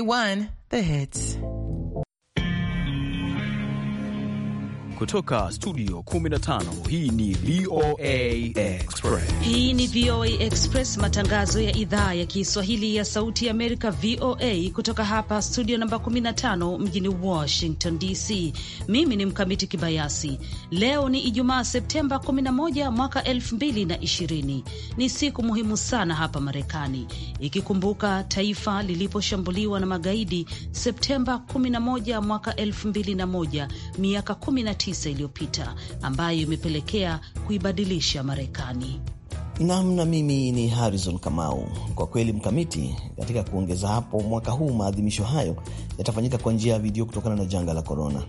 won The Hits. kutoka studio 15. Hii ni VOA Express. Hii ni VOA Express, matangazo ya idhaa ya Kiswahili ya Sauti ya Amerika, VOA, kutoka hapa studio namba 15 mjini Washington DC. Mimi ni Mkamiti Kibayasi. Leo ni Ijumaa, Septemba 11 mwaka 2020. Ni siku muhimu sana hapa Marekani, ikikumbuka taifa liliposhambuliwa na magaidi Septemba 11 mwaka 2001, miaka 19 19 iliyopita ambayo imepelekea kuibadilisha Marekani. Nam na mimi ni Harrison Kamau. Kwa kweli mkamiti, katika kuongeza hapo, mwaka huu maadhimisho hayo yatafanyika kwa njia ya video kutokana na janga la korona,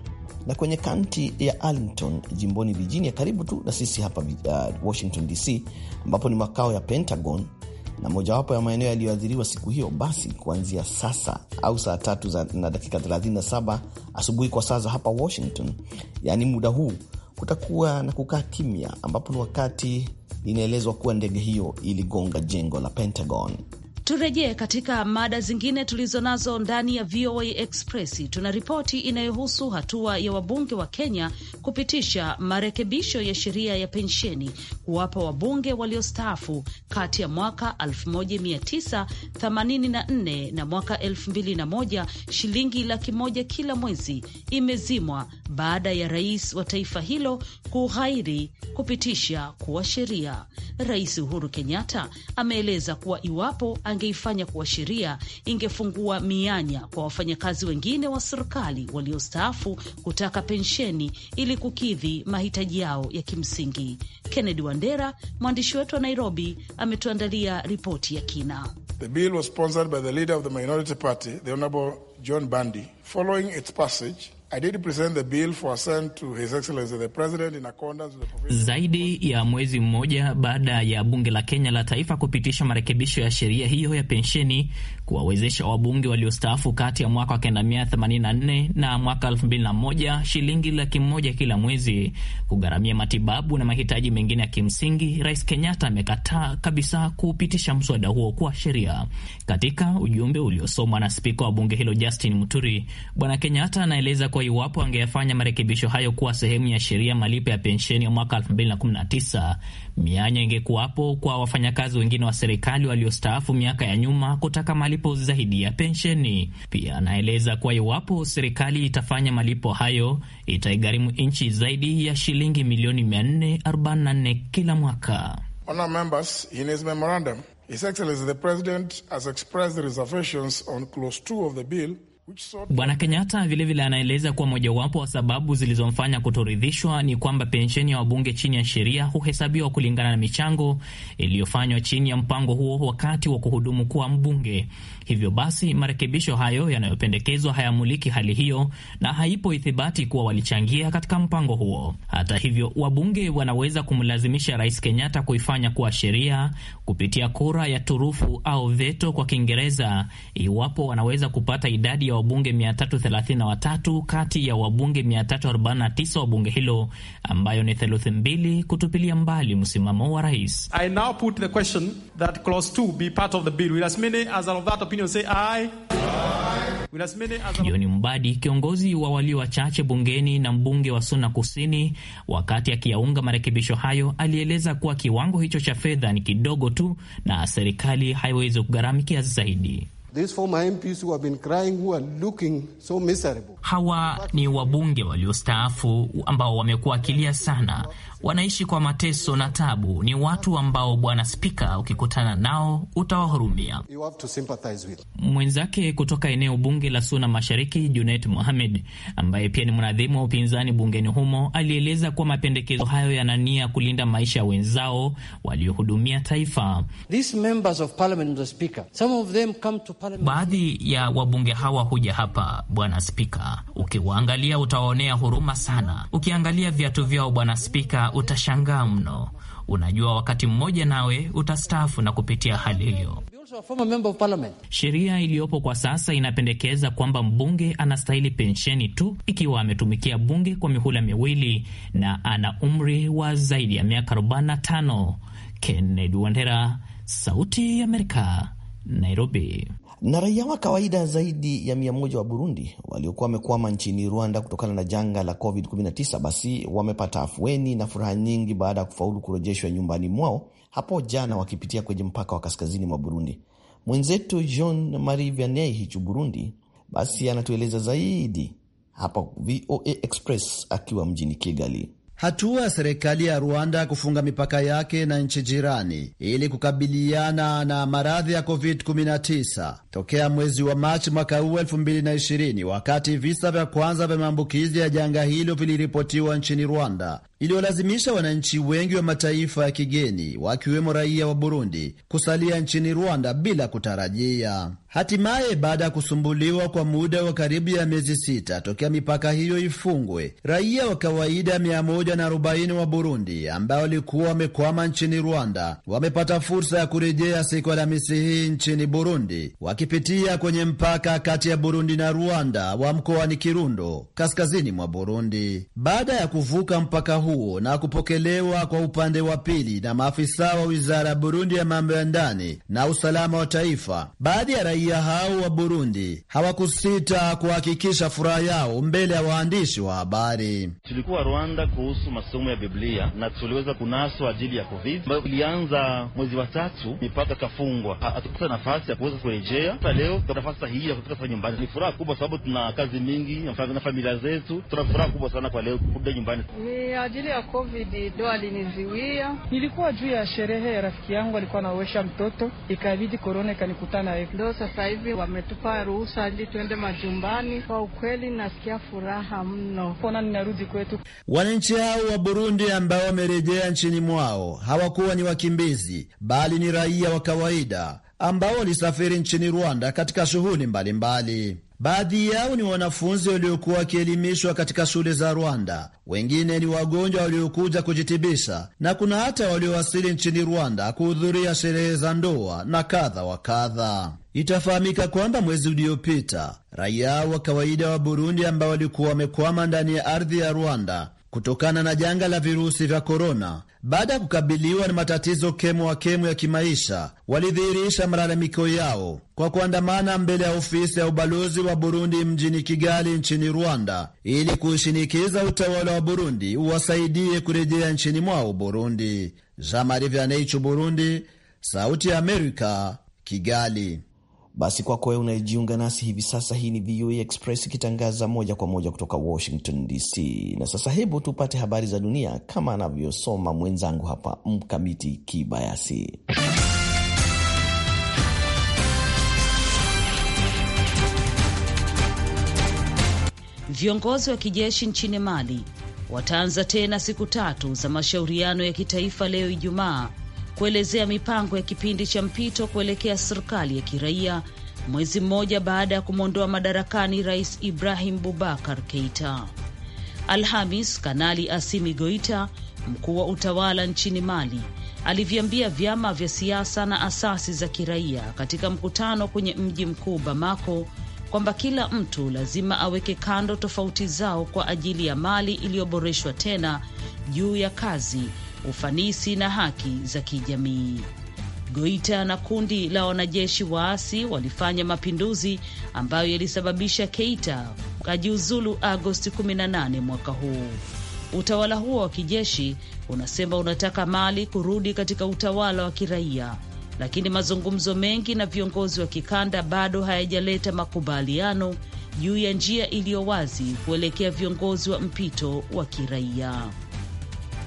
na kwenye kaunti ya Arlington jimboni Virginia, karibu tu na sisi hapa uh, Washington DC, ambapo ni makao ya Pentagon na mojawapo ya maeneo yaliyoathiriwa siku hiyo, basi kuanzia sasa au saa tatu za na dakika 37 asubuhi kwa saa za hapa Washington, yaani muda huu kutakuwa na kukaa kimya, ambapo ni wakati inaelezwa kuwa ndege hiyo iligonga jengo la Pentagon. Turejee katika mada zingine tulizo nazo ndani ya VOA Express. Tuna ripoti inayohusu hatua ya wabunge wa Kenya kupitisha marekebisho ya sheria ya pensheni kuwapa wabunge waliostaafu kati ya mwaka 1984 na mwaka 2001 shilingi laki moja kila mwezi imezimwa baada ya rais wa taifa hilo kughairi kupitisha kuwa sheria. Rais Uhuru Kenyatta ameeleza kuwa iwapo angeifanya kuwa sheria, ingefungua mianya kwa wafanyakazi wengine wa serikali waliostaafu kutaka pensheni ili kukidhi mahitaji yao ya kimsingi. Kennedy Wandera, mwandishi wetu wa Nairobi, ametuandalia ripoti ya kina. The bill was sponsored by the leader of the minority party, the Honorable John Bandi. Following its passage zaidi ya mwezi mmoja baada ya bunge la Kenya la taifa kupitisha marekebisho ya sheria hiyo ya pensheni kuwawezesha wabunge waliostaafu kati ya mwaka wa 1984 na mwaka 2001 shilingi laki moja kila mwezi kugharamia matibabu na mahitaji mengine ya kimsingi, Rais Kenyatta amekataa kabisa kupitisha mswada huo kuwa sheria. Katika ujumbe uliosomwa na spika wa bunge hilo Justin Muturi, Bwana Kenyatta anaeleza ambapo iwapo angeyafanya marekebisho hayo kuwa sehemu ya sheria malipo ya pensheni ya mwaka 2019 mianya ingekuwapo kwa wafanyakazi wengine wa serikali waliostaafu miaka ya nyuma kutaka malipo zaidi ya pensheni. Pia anaeleza kuwa iwapo serikali itafanya malipo hayo itaigharimu nchi zaidi ya shilingi milioni 444 kila mwaka. Bwana Kenyatta vilevile anaeleza kuwa mojawapo wa sababu zilizomfanya kutoridhishwa ni kwamba pensheni ya wabunge chini ya sheria huhesabiwa kulingana na michango iliyofanywa chini ya mpango huo wakati wa kuhudumu kuwa mbunge. Hivyo basi, marekebisho hayo yanayopendekezwa hayamuliki hali hiyo na haipo ithibati kuwa walichangia katika mpango huo. Hata hivyo, wabunge wanaweza kumlazimisha Rais Kenyatta kuifanya kuwa sheria kupitia kura ya turufu au veto kwa Kiingereza, iwapo wanaweza kupata idadi ya wabunge 333 kati ya wabunge 349 wa bunge hilo, ambayo ni theluthi mbili, kutupilia mbali msimamo wa rais. I now put the question that clause 2 be part of the bill. as many as of that opinion say aye. Joni Mbadi, kiongozi wa walio wachache bungeni na mbunge wa Suna Kusini, wakati akiyaunga marekebisho hayo, alieleza kuwa kiwango hicho cha fedha ni kidogo tu na serikali haiwezi kugharamikia zaidi. These former MPs who have been crying, who are looking so miserable. Hawa ni wabunge waliostaafu ambao wamekuwa akilia sana, wanaishi kwa mateso na tabu. Ni watu ambao Bwana Spika, ukikutana nao utawahurumia. Mwenzake kutoka eneo bunge la Suna Mashariki, Junet Mohamed, ambaye pia ni mwanadhimu wa upinzani bungeni humo, alieleza kuwa mapendekezo hayo yana nia kulinda maisha ya wenzao waliohudumia taifa. These members of parliament, Mr. Speaker, some of them come to Baadhi ya wabunge hawa huja hapa, bwana spika, ukiwaangalia utawaonea huruma sana. Ukiangalia viatu vyao, bwana spika, utashangaa mno. Unajua, wakati mmoja nawe utastaafu na kupitia hali hiyo. Sheria iliyopo kwa sasa inapendekeza kwamba mbunge anastahili pensheni tu ikiwa ametumikia bunge kwa mihula miwili na ana umri wa zaidi ya miaka 45. Kennedy Wandera, Sauti ya Amerika, Nairobi na raia wa kawaida zaidi ya mia moja wa Burundi waliokuwa wamekwama nchini Rwanda kutokana na janga la COVID-19 basi wamepata afueni na furaha nyingi baada ya kufaulu kurejeshwa nyumbani mwao hapo jana, wakipitia kwenye mpaka wa kaskazini mwa Burundi. Mwenzetu Jean Marie Vianney hichu Burundi basi anatueleza zaidi hapa VOA Express akiwa mjini Kigali. Hatua ya serikali ya Rwanda kufunga mipaka yake na nchi jirani ili kukabiliana na maradhi ya COVID-19 tokea mwezi wa Machi mwaka huu 2020, wakati visa vya kwanza vya maambukizi ya janga hilo viliripotiwa nchini Rwanda, iliyolazimisha wananchi wengi wa mataifa ya kigeni wakiwemo raia wa Burundi kusalia nchini Rwanda bila kutarajia. Hatimaye, baada ya kusumbuliwa kwa muda wa karibu ya miezi sita tokea mipaka hiyo ifungwe, raia wa kawaida 140 wa Burundi ambao walikuwa wamekwama nchini Rwanda wamepata fursa ya kurejea siku Alhamisi hii nchini Burundi, wakipitia kwenye mpaka kati ya Burundi na Rwanda wa mkoani Kirundo, kaskazini mwa Burundi. Baada ya kuvuka mpaka huu huo na kupokelewa kwa upande wa pili na maafisa wa wizara ya Burundi ya mambo ya ndani na usalama wa taifa. Baadhi ya raia hao wa Burundi hawakusita kuhakikisha furaha yao mbele ya waandishi wa habari. Tulikuwa Rwanda kuhusu masomo ya Biblia na tuliweza kunaswa ajili ya Covid ambayo ilianza mwezi wa tatu, mipaka kafungwa, hatukupata nafasi ya kuweza kurejea. Sasa leo nafasi hii ya kufika nyumbani, ni furaha kubwa sababu tuna kazi mingi na familia zetu. Tuna furaha kubwa sana kwa leo kurudi nyumbani ile ya covid ndo aliniziwia. Nilikuwa juu ya sherehe ya rafiki yangu, alikuwa anawesha mtoto, ikabidi korona ikanikutana yeye. Ndo sasa hivi wametupa ruhusa ili tuende majumbani. Kwa ukweli nasikia furaha mno, kona ninarudi kwetu. Wananchi hao wa Burundi ambao wamerejea nchini mwao hawakuwa ni wakimbizi, bali ni raia wa kawaida ambao walisafiri nchini Rwanda katika shughuli mbalimbali. Baadhi yao ni wanafunzi waliokuwa wakielimishwa katika shule za Rwanda, wengine ni wagonjwa waliokuja kujitibisha, na kuna hata waliowasili nchini Rwanda kuhudhuria sherehe za ndoa na kadha wa kadha. Itafahamika kwamba mwezi uliopita raia wa kawaida wa Burundi ambao walikuwa wamekwama ndani ya ardhi ya Rwanda kutokana na janga la virusi vya korona. Baada ya kukabiliwa na matatizo kemo wa kemo ya kimaisha, walidhihirisha malalamiko yao kwa kuandamana mbele ya ofisi ya ubalozi wa Burundi mjini Kigali nchini Rwanda ili kushinikiza utawala wa Burundi uwasaidie kurejea nchini mwao Burundi. Jean Marie Vianney, Burundi, Sauti ya Amerika, Kigali. Basi kwako wewe unayejiunga nasi hivi sasa, hii ni VOA Express ikitangaza moja kwa moja kutoka Washington DC. Na sasa hebu tupate habari za dunia kama anavyosoma mwenzangu hapa Mkamiti Kibayasi. Viongozi wa kijeshi nchini Mali wataanza tena siku tatu za mashauriano ya kitaifa leo Ijumaa kuelezea mipango ya kipindi cha mpito kuelekea serikali ya kiraia mwezi mmoja baada ya kumwondoa madarakani Rais Ibrahim Bubakar Keita. Alhamis, Kanali Asimi Goita, mkuu wa utawala nchini Mali, aliviambia vyama vya siasa na asasi za kiraia katika mkutano kwenye mji mkuu Bamako kwamba kila mtu lazima aweke kando tofauti zao kwa ajili ya Mali iliyoboreshwa tena juu ya kazi ufanisi na haki za kijamii. Goita na kundi la wanajeshi waasi walifanya mapinduzi ambayo yalisababisha Keita ajiuzulu Agosti 18 mwaka huu. Utawala huo wa kijeshi unasema unataka Mali kurudi katika utawala wa kiraia, lakini mazungumzo mengi na viongozi wa kikanda bado hayajaleta makubaliano juu ya njia iliyo wazi kuelekea viongozi wa mpito wa kiraia.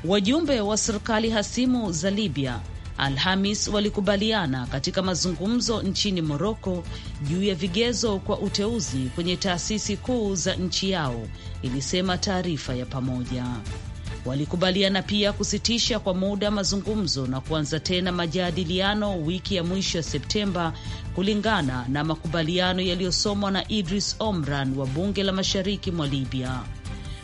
Wajumbe wa serikali hasimu za Libya Alhamis walikubaliana katika mazungumzo nchini Moroko juu ya vigezo kwa uteuzi kwenye taasisi kuu za nchi yao, ilisema taarifa ya pamoja. Walikubaliana pia kusitisha kwa muda mazungumzo na kuanza tena majadiliano wiki ya mwisho ya Septemba, kulingana na makubaliano yaliyosomwa na Idris Omran wa bunge la mashariki mwa Libya.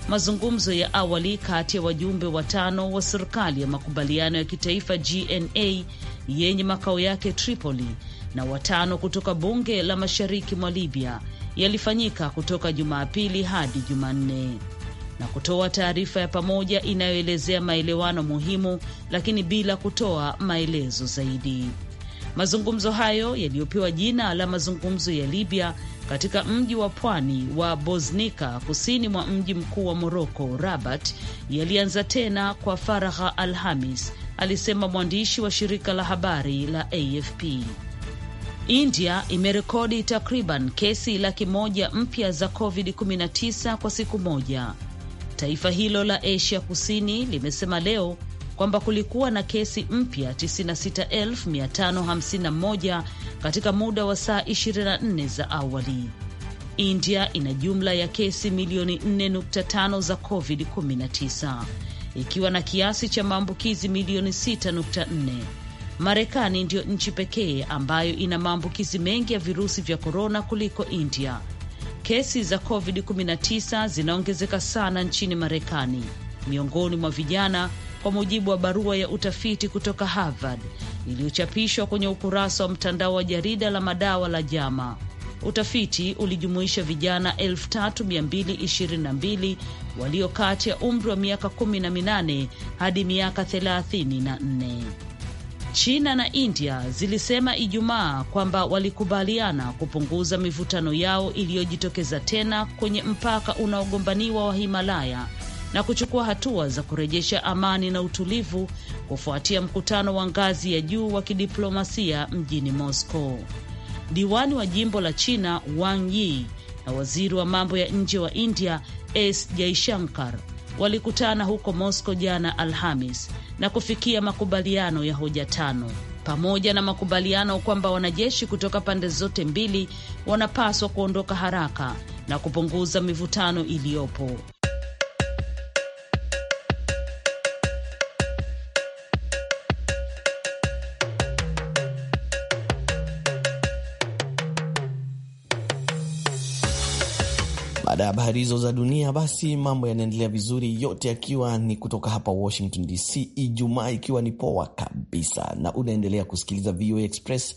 Mazungumzo ya awali kati ya wajumbe watano wa serikali ya makubaliano ya kitaifa GNA yenye makao yake Tripoli na watano kutoka bunge la mashariki mwa Libya yalifanyika kutoka Jumapili hadi Jumanne na kutoa taarifa ya pamoja inayoelezea maelewano muhimu, lakini bila kutoa maelezo zaidi. Mazungumzo hayo yaliyopewa jina la mazungumzo ya Libya katika mji wa pwani wa bosnika kusini mwa mji mkuu wa Moroko, Rabat, yalianza tena kwa faragha Alhamis, alisema mwandishi wa shirika la habari la AFP. India imerekodi takriban kesi laki moja mpya za COVID-19 kwa siku moja. Taifa hilo la Asia Kusini limesema leo kwamba kulikuwa na kesi mpya 96551 katika muda wa saa 24 za awali. India ina jumla ya kesi milioni 4.5 za COVID-19 ikiwa na kiasi cha maambukizi milioni 6.4. Marekani ndiyo nchi pekee ambayo ina maambukizi mengi ya virusi vya korona kuliko India. Kesi za COVID-19 zinaongezeka sana nchini Marekani miongoni mwa vijana kwa mujibu wa barua ya utafiti kutoka Harvard iliyochapishwa kwenye ukurasa wa mtandao wa jarida la madawa la JAMA. Utafiti ulijumuisha vijana 3222 walio kati ya umri wa miaka 18 hadi miaka 34. China na India zilisema Ijumaa kwamba walikubaliana kupunguza mivutano yao iliyojitokeza tena kwenye mpaka unaogombaniwa wa Himalaya na kuchukua hatua za kurejesha amani na utulivu kufuatia mkutano wa ngazi ya juu wa kidiplomasia mjini Moscow. Diwani wa jimbo la China Wang Yi na waziri wa mambo ya nje wa India S Jaishankar walikutana huko Moscow jana Alhamis na kufikia makubaliano ya hoja tano pamoja na makubaliano kwamba wanajeshi kutoka pande zote mbili wanapaswa kuondoka haraka na kupunguza mivutano iliyopo. Baada ya habari hizo za dunia, basi mambo yanaendelea vizuri, yote yakiwa ni kutoka hapa Washington DC, Ijumaa ikiwa ni poa kabisa, na unaendelea kusikiliza VOA Express.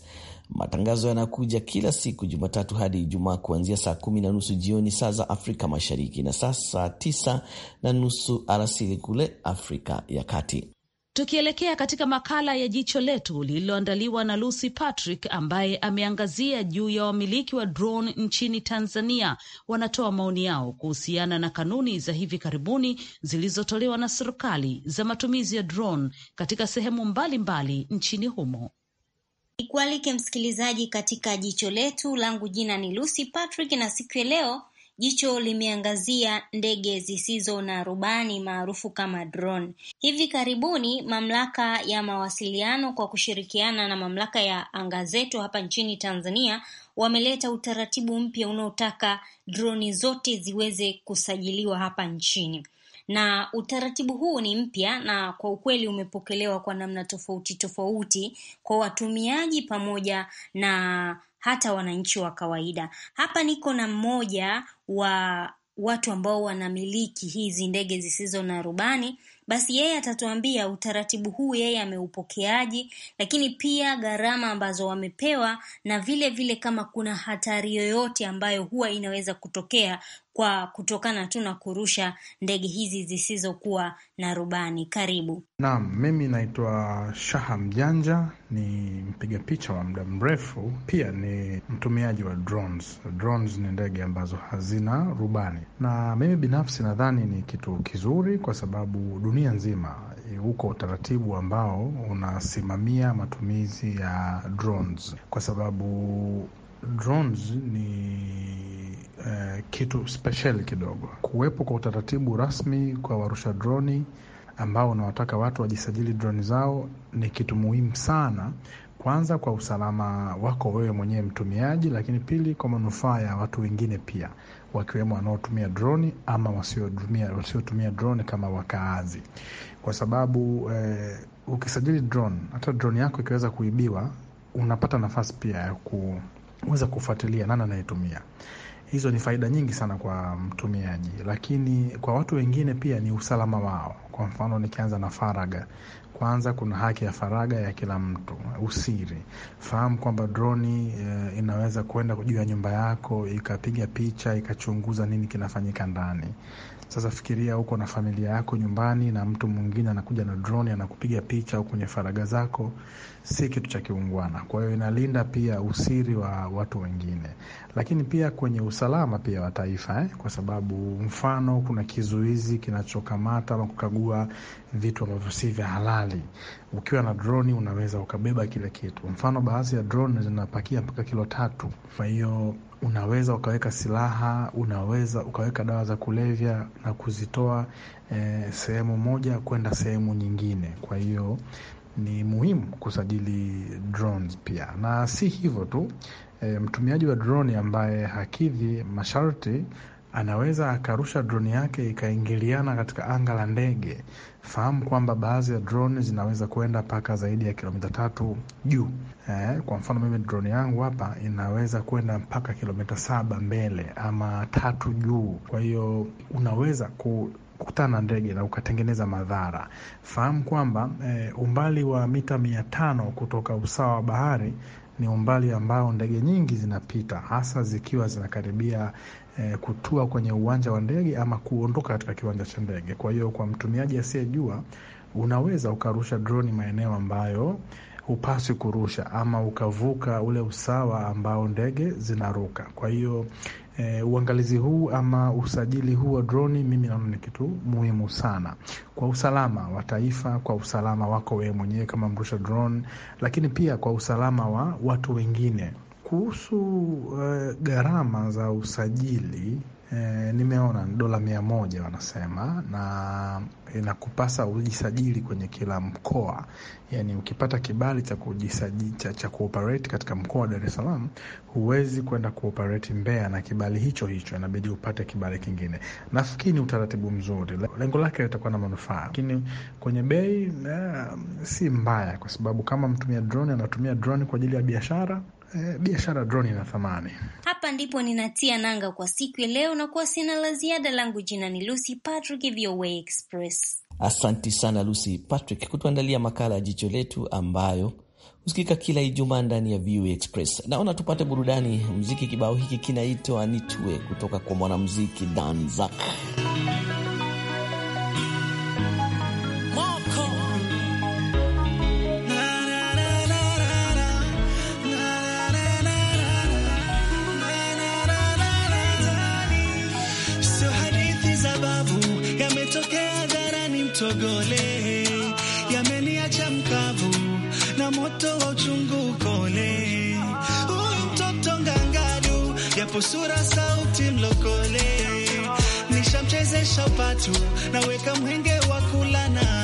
Matangazo yanakuja kila siku Jumatatu hadi Ijumaa kuanzia saa kumi na nusu jioni saa za Afrika Mashariki na saa saa tisa na nusu alasiri kule Afrika ya Kati. Tukielekea katika makala ya jicho letu lililoandaliwa na Lucy Patrick ambaye ameangazia juu ya wamiliki wa drone nchini Tanzania wanatoa maoni yao kuhusiana na kanuni za hivi karibuni zilizotolewa na serikali za matumizi ya drone katika sehemu mbalimbali mbali nchini humo. Nikualike msikilizaji katika jicho letu, langu jina ni Lucy Patrick, na siku ya leo jicho limeangazia ndege zisizo na rubani maarufu kama drone. Hivi karibuni Mamlaka ya Mawasiliano kwa kushirikiana na Mamlaka ya Anga Zetu hapa nchini Tanzania wameleta utaratibu mpya unaotaka droni zote ziweze kusajiliwa hapa nchini na utaratibu huu ni mpya na kwa ukweli umepokelewa kwa namna tofauti tofauti kwa watumiaji pamoja na hata wananchi wa kawaida. Hapa niko na mmoja wa watu ambao wanamiliki hizi ndege zisizo na rubani basi yeye atatuambia utaratibu huu yeye ameupokeaje, lakini pia gharama ambazo wamepewa na vile vile kama kuna hatari yoyote ambayo huwa inaweza kutokea kwa kutokana tu na kurusha ndege hizi zisizokuwa na rubani. Karibu. Naam, mimi naitwa Shaha Mjanja, ni mpiga picha wa muda mrefu, pia ni mtumiaji wa drones. Drones ni ndege ambazo hazina rubani, na mimi binafsi nadhani ni kitu kizuri kwa sababu dunia nzima huko e, utaratibu ambao unasimamia matumizi ya drones kwa sababu drones ni eh, kitu spesheli kidogo. Kuwepo kwa utaratibu rasmi kwa warusha droni ambao unawataka watu wajisajili droni zao ni kitu muhimu sana, kwanza kwa usalama wako wewe mwenyewe mtumiaji, lakini pili kwa manufaa ya watu wengine pia wakiwemo wanaotumia droni ama wasiotumia wasiotumia droni kama wakaazi, kwa sababu eh, ukisajili drone, hata drone yako ikiweza kuibiwa, unapata nafasi pia ya kuweza kufuatilia nani anayetumia Hizo ni faida nyingi sana kwa mtumiaji, lakini kwa watu wengine pia ni usalama wao. Kwa mfano, nikianza na faraga kwanza kuna haki ya faraga ya kila mtu, usiri. Fahamu kwamba droni e, inaweza kwenda juu ya nyumba yako ikapiga picha ikachunguza nini kinafanyika ndani. Sasa fikiria huko na familia yako nyumbani, na mtu mwingine anakuja na drone anakupiga picha au kwenye faraga zako, si kitu cha kiungwana. Kwa hiyo inalinda pia usiri wa watu wengine, lakini pia kwenye usalama pia wa taifa eh, kwa sababu mfano kuna kizuizi kinachokamata ama kukagua vitu ambavyo si vya halali. Ukiwa na droni unaweza ukabeba kile kitu. Mfano baadhi ya drone zinapakia mpaka kilo tatu, kwa hiyo unaweza ukaweka silaha, unaweza ukaweka dawa za kulevya na kuzitoa e, sehemu moja kwenda sehemu nyingine. Kwa hiyo ni muhimu kusajili drones pia, na si hivyo tu e, mtumiaji wa droni ambaye hakidhi masharti anaweza akarusha droni yake ikaingiliana katika anga la ndege Fahamu kwamba baadhi ya drone zinaweza kwenda mpaka zaidi ya kilomita tatu juu. Eh, kwa mfano mimi drone yangu hapa inaweza kwenda mpaka kilomita saba mbele ama tatu juu. Kwa hiyo unaweza ku kukutana na ndege na ukatengeneza madhara. Fahamu kwamba e, umbali wa mita mia tano kutoka usawa wa bahari ni umbali ambao ndege nyingi zinapita hasa zikiwa zinakaribia eh, kutua kwenye uwanja wa ndege ama kuondoka katika kiwanja cha ndege. Kwa hiyo kwa mtumiaji asiyejua, unaweza ukarusha droni maeneo ambayo hupaswi kurusha ama ukavuka ule usawa ambao ndege zinaruka. Kwa hiyo E, uangalizi huu ama usajili huu wa droni mimi naona ni kitu muhimu sana kwa usalama wa taifa, kwa usalama wako wewe mwenyewe kama mrusha drone, lakini pia kwa usalama wa watu wengine. Kuhusu uh, gharama za usajili E, nimeona dola mia moja wanasema, na inakupasa ujisajili kwenye kila mkoa. Yani ukipata kibali cha kujisajili cha, cha kuoperate katika mkoa wa Dar es Salaam, huwezi kwenda kuoperate Mbeya na kibali hicho hicho, inabidi upate kibali kingine. Nafikiri ni utaratibu mzuri, lengo lake litakuwa na manufaa, lakini kwenye bei eh, si mbaya, kwa sababu kama mtumia drone anatumia drone kwa ajili ya biashara Eh, biashara droni ina thamani. Hapa ndipo ninatia nanga kwa siku ya leo, na kuwa sina la ziada. Langu jina ni Lucy Patrick, VOA Express. Asanti sana Lucy Patrick kutuandalia makala ya Jicho Letu ambayo husikika kila Ijumaa ndani ya VOA Express. Naona tupate burudani muziki. Kibao hiki kinaitwa Nitue kutoka kwa mwanamuziki Danzak. utogole, yameniacha mkavu na moto wa uchungu ukole. Huyu mtoto ngangadu, japo sura sauti mlokole, nishamchezesha upatu, naweka mhenge wa kulana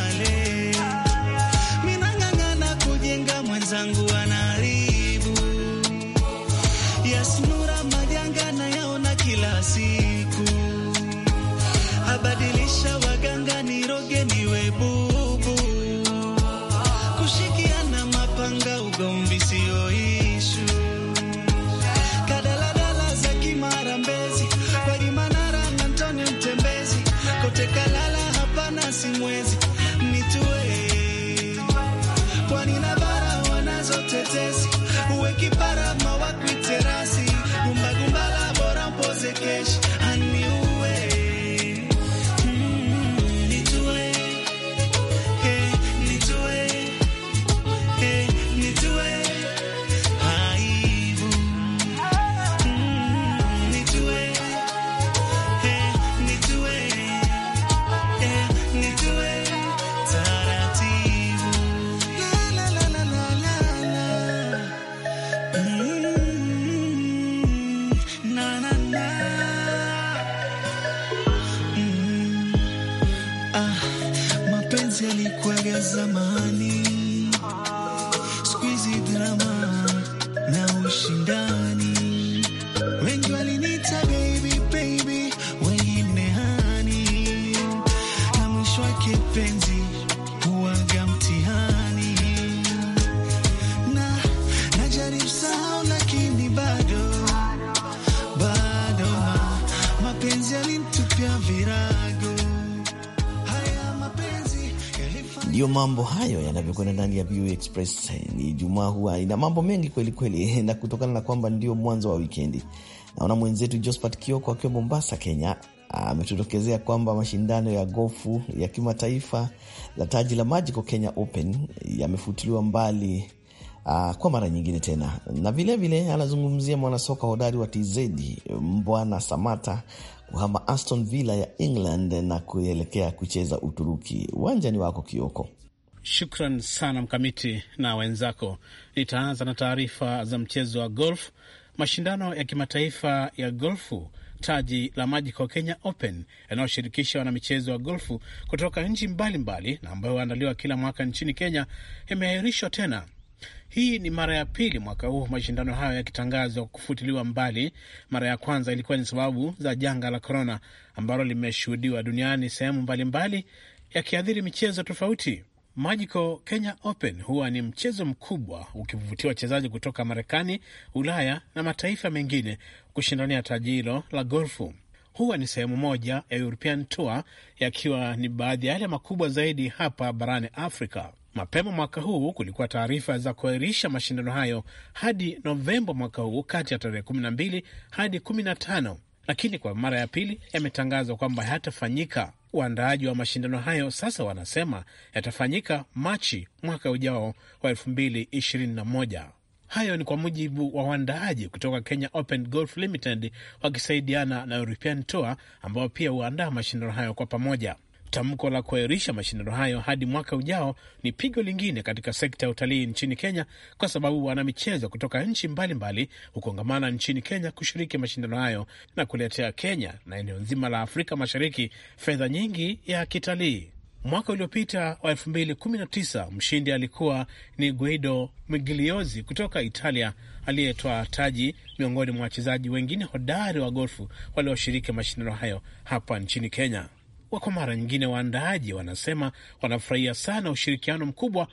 Express eh, ni Ijumaa huwa ina mambo mengi kweli kweli, eh, na kutokana na kwamba ndio mwanzo wa wikendi, naona mwenzetu Josephat Kioko akiwa Mombasa, Kenya ametutokezea kwamba mashindano ya gofu ya kimataifa la taji la Magical Kenya Open yamefutiliwa mbali Uh, kwa mara nyingine tena na vilevile vile, anazungumzia mwanasoka hodari wa TZ Mbwana Samata kuhama Aston Villa ya England na kuelekea kucheza Uturuki. Uwanja ni wako Kioko. Shukran sana Mkamiti na wenzako. Nitaanza na taarifa za mchezo wa golf. Mashindano ya kimataifa ya golfu taji la Magical Kenya Open yanayoshirikisha wanamichezo wa golfu kutoka nchi mbalimbali na ambayo huandaliwa kila mwaka nchini Kenya yameahirishwa tena. Hii ni mara ya pili mwaka huu mashindano hayo yakitangazwa kufutiliwa mbali. Mara ya kwanza ilikuwa ni sababu za janga la korona ambalo limeshuhudiwa duniani sehemu mbalimbali, yakiathiri michezo tofauti. Magical Kenya Open huwa ni mchezo mkubwa ukivutia wachezaji kutoka Marekani, Ulaya na mataifa mengine kushindania taji hilo la golfu. Huwa ni sehemu moja ya European Tour, yakiwa ni baadhi ya yale makubwa zaidi hapa barani Afrika. Mapema mwaka huu kulikuwa taarifa za kuahirisha mashindano hayo hadi Novemba mwaka huu, kati ya tarehe 12 hadi 15, lakini kwa mara ya pili yametangazwa kwamba hayatafanyika. Waandaaji wa mashindano hayo sasa wanasema yatafanyika Machi mwaka ujao wa 2021. Hayo ni kwa mujibu wa waandaaji kutoka Kenya Open Golf Limited wakisaidiana na European Tour ambao pia huandaa mashindano hayo kwa pamoja. Tamko la kuahirisha mashindano hayo hadi mwaka ujao ni pigo lingine katika sekta ya utalii nchini Kenya, kwa sababu wanamichezo kutoka nchi mbalimbali hukongamana nchini Kenya kushiriki mashindano hayo na kuletea Kenya na eneo nzima la Afrika Mashariki fedha nyingi ya kitalii. Mwaka uliopita wa 2019 mshindi alikuwa ni Guido Migliozi kutoka Italia, aliyetoa taji miongoni mwa wachezaji wengine hodari wa golfu walioshiriki mashindano hayo hapa nchini Kenya wa kwa mara nyingine, waandaaji wanasema wanafurahia sana ushirikiano mkubwa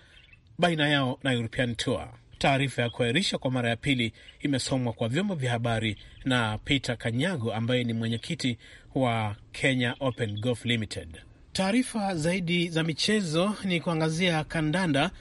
baina yao na European Tour. Taarifa ya kuahirisha kwa mara ya pili imesomwa kwa vyombo vya habari na Peter Kanyago ambaye ni mwenyekiti wa Kenya Open Golf Limited. Taarifa zaidi za michezo ni kuangazia kandanda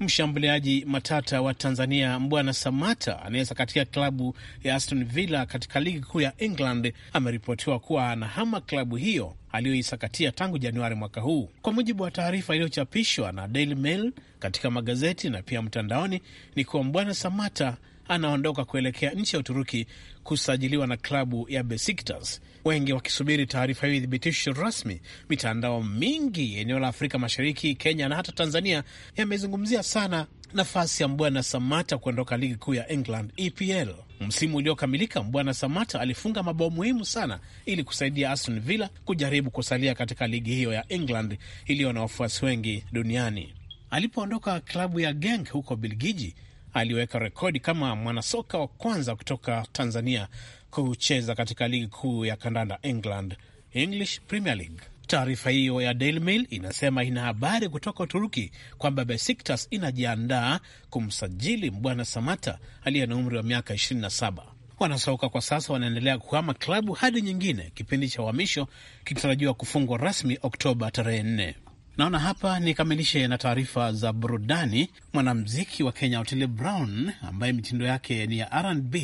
mshambuliaji matata wa Tanzania Mbwana Samata anaweza katika klabu ya Aston Villa katika ligi kuu ya England ameripotiwa kuwa anahama klabu hiyo aliyoisakatia tangu Januari mwaka huu. Kwa mujibu wa taarifa iliyochapishwa na Daily Mail katika magazeti na pia mtandaoni, ni kuwa Mbwana Samata anaondoka kuelekea nchi ya Uturuki kusajiliwa na klabu ya Besiktas, wengi wakisubiri taarifa hiyo ithibitisho rasmi. Mitandao mingi eneo la Afrika Mashariki, Kenya na hata Tanzania yamezungumzia sana nafasi ya Mbwana Samata kuondoka ligi kuu ya England, EPL. Msimu uliokamilika Mbwana Samata alifunga mabao muhimu sana ili kusaidia Aston Villa kujaribu kusalia katika ligi hiyo ya England iliyo na wafuasi wengi duniani. Alipoondoka klabu ya Genk huko Belgiji, aliweka rekodi kama mwanasoka wa kwanza kutoka Tanzania kucheza katika ligi kuu ya kandanda England, English Premier League. Taarifa hiyo ya Daily Mail inasema ina habari kutoka Uturuki kwamba Besiktas inajiandaa kumsajili Mbwana Samata aliye na umri wa miaka 27. Wanasoka kwa sasa wanaendelea kuhama klabu hadi nyingine, kipindi cha uhamisho kikitarajiwa kufungwa rasmi Oktoba tarehe 4. Naona hapa nikamilishe na taarifa za burudani. Mwanamziki wa Kenya Otile Brown ambaye mitindo yake ni ya RnB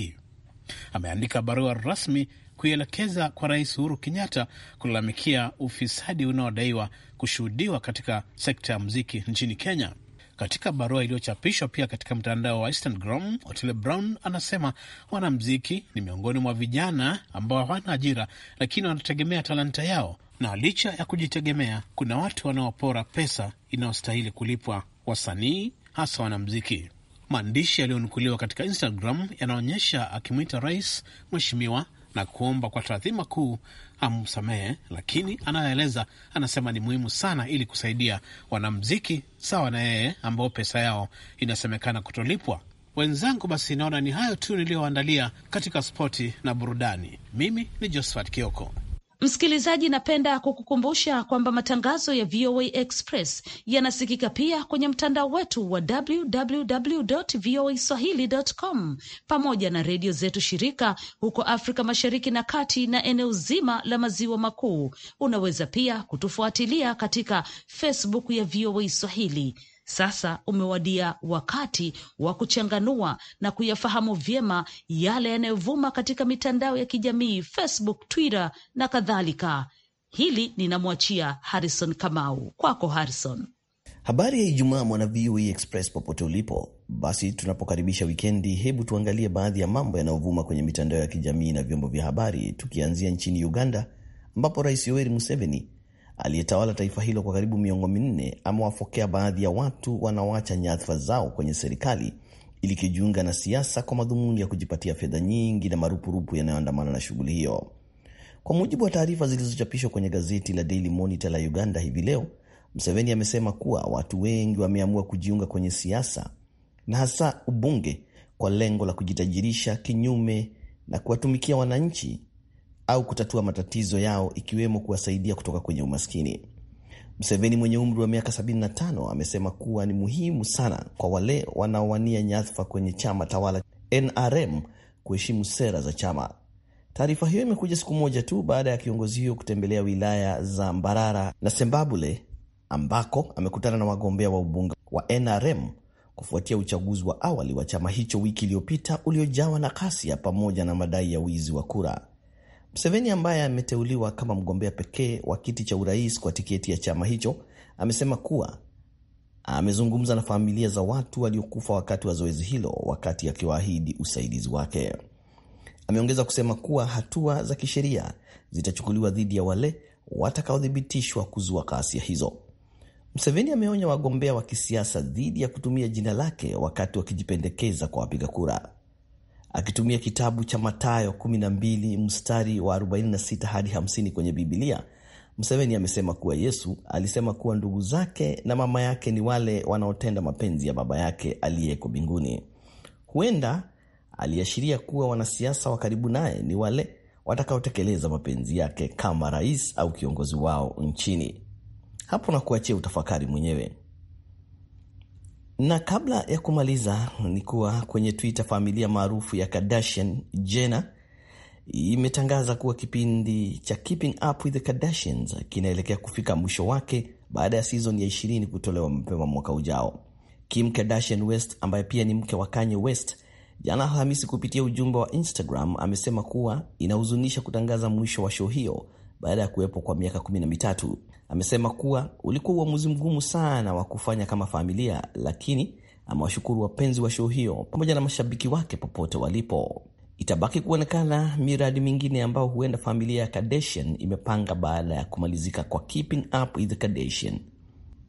ameandika barua rasmi kuielekeza kwa Rais Uhuru Kenyatta kulalamikia ufisadi unaodaiwa kushuhudiwa katika sekta ya muziki nchini Kenya. Katika barua iliyochapishwa pia katika mtandao wa Instagram, Otile Brown anasema wanamziki ni miongoni mwa vijana ambao hawana ajira, lakini wanategemea talanta yao na licha ya kujitegemea, kuna watu wanaopora pesa inayostahili kulipwa wasanii, hasa wanamziki. Maandishi yaliyonukuliwa katika Instagram yanaonyesha akimwita rais mheshimiwa na kuomba kwa taadhima kuu amsamehe, lakini anayoeleza anasema ni muhimu sana ili kusaidia wanamziki sawa na yeye ambao pesa yao inasemekana kutolipwa. Wenzangu, basi naona ni hayo tu niliyoandalia katika spoti na burudani. Mimi ni Josephat Kioko. Msikilizaji, napenda kukukumbusha kwamba matangazo ya VOA Express yanasikika pia kwenye mtandao wetu wa www.voaswahili.com pamoja na redio zetu shirika huko Afrika Mashariki na Kati na eneo zima la Maziwa Makuu. Unaweza pia kutufuatilia katika Facebook ya VOA Swahili. Sasa umewadia wakati wa kuchanganua na kuyafahamu vyema yale yanayovuma katika mitandao ya kijamii Facebook, Twitter na kadhalika. Hili ninamwachia Harrison Kamau. Kwako Harrison. Habari ya Ijumaa mwana VOA e Express popote ulipo. Basi tunapokaribisha wikendi, hebu tuangalie baadhi ya mambo yanayovuma kwenye mitandao ya kijamii na vyombo vya habari, tukianzia nchini Uganda ambapo Rais Yoweri Museveni aliyetawala taifa hilo kwa karibu miongo minne amewafokea baadhi ya watu wanaoacha nyadhifa zao kwenye serikali ili kujiunga na siasa kwa madhumuni ya kujipatia fedha nyingi na marupurupu yanayoandamana na shughuli hiyo. Kwa mujibu wa taarifa zilizochapishwa kwenye gazeti la Daily Monitor la Uganda hivi leo, Museveni amesema kuwa watu wengi wameamua kujiunga kwenye siasa na hasa ubunge kwa lengo la kujitajirisha kinyume na kuwatumikia wananchi au kutatua matatizo yao ikiwemo kuwasaidia kutoka kwenye umaskini. Mseveni mwenye umri wa miaka 75 amesema kuwa ni muhimu sana kwa wale wanaowania nyadhifa kwenye chama tawala NRM kuheshimu sera za chama. Taarifa hiyo imekuja siku moja tu baada ya kiongozi huyo kutembelea wilaya za Mbarara na Sembabule ambako amekutana na wagombea wa ubunge wa NRM kufuatia uchaguzi wa awali wa chama hicho wiki iliyopita uliojawa na kasi pamoja na madai ya wizi wa kura mseveni ambaye ameteuliwa kama mgombea pekee wa kiti cha urais kwa tiketi ya chama hicho amesema kuwa amezungumza na familia za watu waliokufa wakati wa zoezi hilo, wakati akiwaahidi usaidizi wake. Ameongeza kusema kuwa hatua za kisheria zitachukuliwa dhidi ya wale watakaothibitishwa kuzua ghasia hizo. mseveni ameonya wagombea wa kisiasa dhidi ya kutumia jina lake wakati wakijipendekeza kwa wapiga kura akitumia kitabu cha matayo 12 mstari wa 46 hadi 50 kwenye Bibilia. Museveni amesema kuwa Yesu alisema kuwa ndugu zake na mama yake ni wale wanaotenda mapenzi ya Baba yake aliyeko mbinguni. Huenda aliashiria kuwa wanasiasa wa karibu naye ni wale watakaotekeleza mapenzi yake kama rais au kiongozi wao nchini. Hapo na kuachia utafakari mwenyewe. Na kabla ya kumaliza ni kuwa kwenye Twitter, familia maarufu ya Kardashian Jenner imetangaza kuwa kipindi cha Keeping Up with the Kardashians kinaelekea kufika mwisho wake baada ya sizon ya ishirini kutolewa mapema mwaka ujao. Kim Kardashian West ambaye pia ni mke wa Kanye West jana Alhamisi kupitia ujumbe wa Instagram amesema kuwa inahuzunisha kutangaza mwisho wa show hiyo baada ya kuwepo kwa miaka kumi na mitatu. Amesema kuwa ulikuwa uamuzi mgumu sana wa kufanya kama familia, lakini amewashukuru wapenzi wa shoo hiyo pamoja na mashabiki wake popote walipo. Itabaki kuonekana miradi mingine ambayo huenda familia ya Kardashian imepanga baada ya kumalizika kwa Keeping Up with the Kardashian.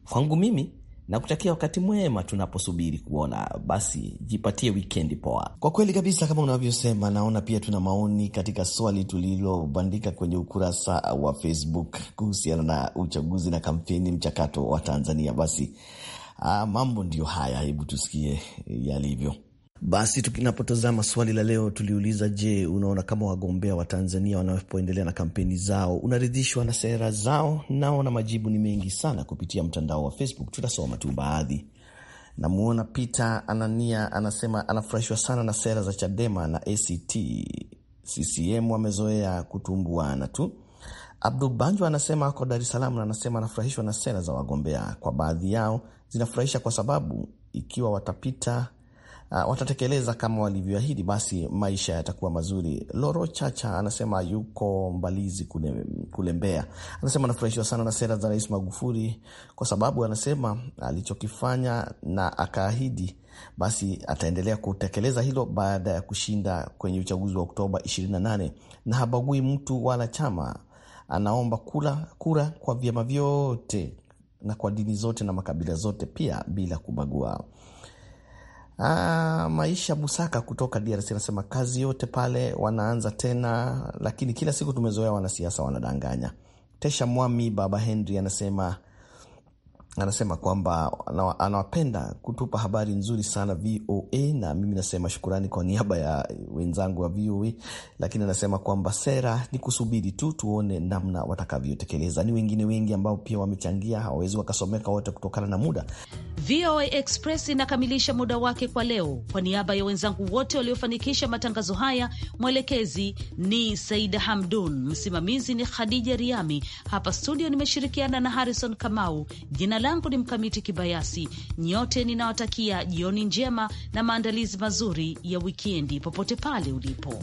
Kwangu mimi na kutakia wakati mwema tunaposubiri kuona. Basi jipatie wikendi poa. Kwa kweli kabisa, kama unavyosema, naona pia tuna maoni katika swali tulilobandika kwenye ukurasa wa Facebook kuhusiana na uchaguzi na kampeni, mchakato wa Tanzania. Basi aa, ah, mambo ndiyo haya, hebu tusikie yalivyo. Basi tunapotazama swali la leo tuliuliza, je, unaona kama wagombea wa Tanzania wanapoendelea na kampeni zao unaridhishwa na sera zao? Naona majibu ni mengi sana kupitia mtandao wa Facebook, tutasoma tu baadhi. Namwona Peter Anania anasema anafurahishwa sana na sera za Chadema na ACT. CCM wamezoea kutumbuana tu. Abdul Banjo anasema ako Dar es Salaam na anasema anafurahishwa na sera za wagombea, kwa baadhi yao zinafurahisha kwa sababu ikiwa watapita uh, watatekeleza kama walivyoahidi, basi maisha yatakuwa mazuri. Loro Chacha anasema yuko Mbalizi kule, kule Mbeya. Anasema anafurahishwa sana na sera za Rais Magufuli kwa sababu anasema alichokifanya na akaahidi basi ataendelea kutekeleza hilo baada ya kushinda kwenye uchaguzi wa Oktoba 28 na habagui mtu wala chama. Anaomba kura, kura kwa vyama vyote na kwa dini zote na makabila zote pia bila kubagua. Ah, Maisha Busaka kutoka DRC anasema kazi yote pale wanaanza tena, lakini kila siku tumezoea wanasiasa wanadanganya. Tesha Mwami Baba Henry anasema anasema kwamba anawapenda kutupa habari nzuri sana VOA, na mimi nasema shukurani kwa niaba ya wenzangu wa VOA, lakini anasema kwamba sera ni kusubiri tu tuone namna watakavyotekeleza. Ni wengine wengi ambao pia wamechangia, hawawezi wakasomeka wote kutokana na muda. VOA Express inakamilisha muda wake kwa leo. Kwa niaba ya wenzangu wote waliofanikisha matangazo haya, mwelekezi ni Saida Hamdun, msimamizi ni Khadija Riami, hapa studio nimeshirikiana na Harrison Kamau. Jina langu ni Mkamiti Kibayasi. Nyote ninawatakia jioni njema na maandalizi mazuri ya wikendi popote pale ulipo.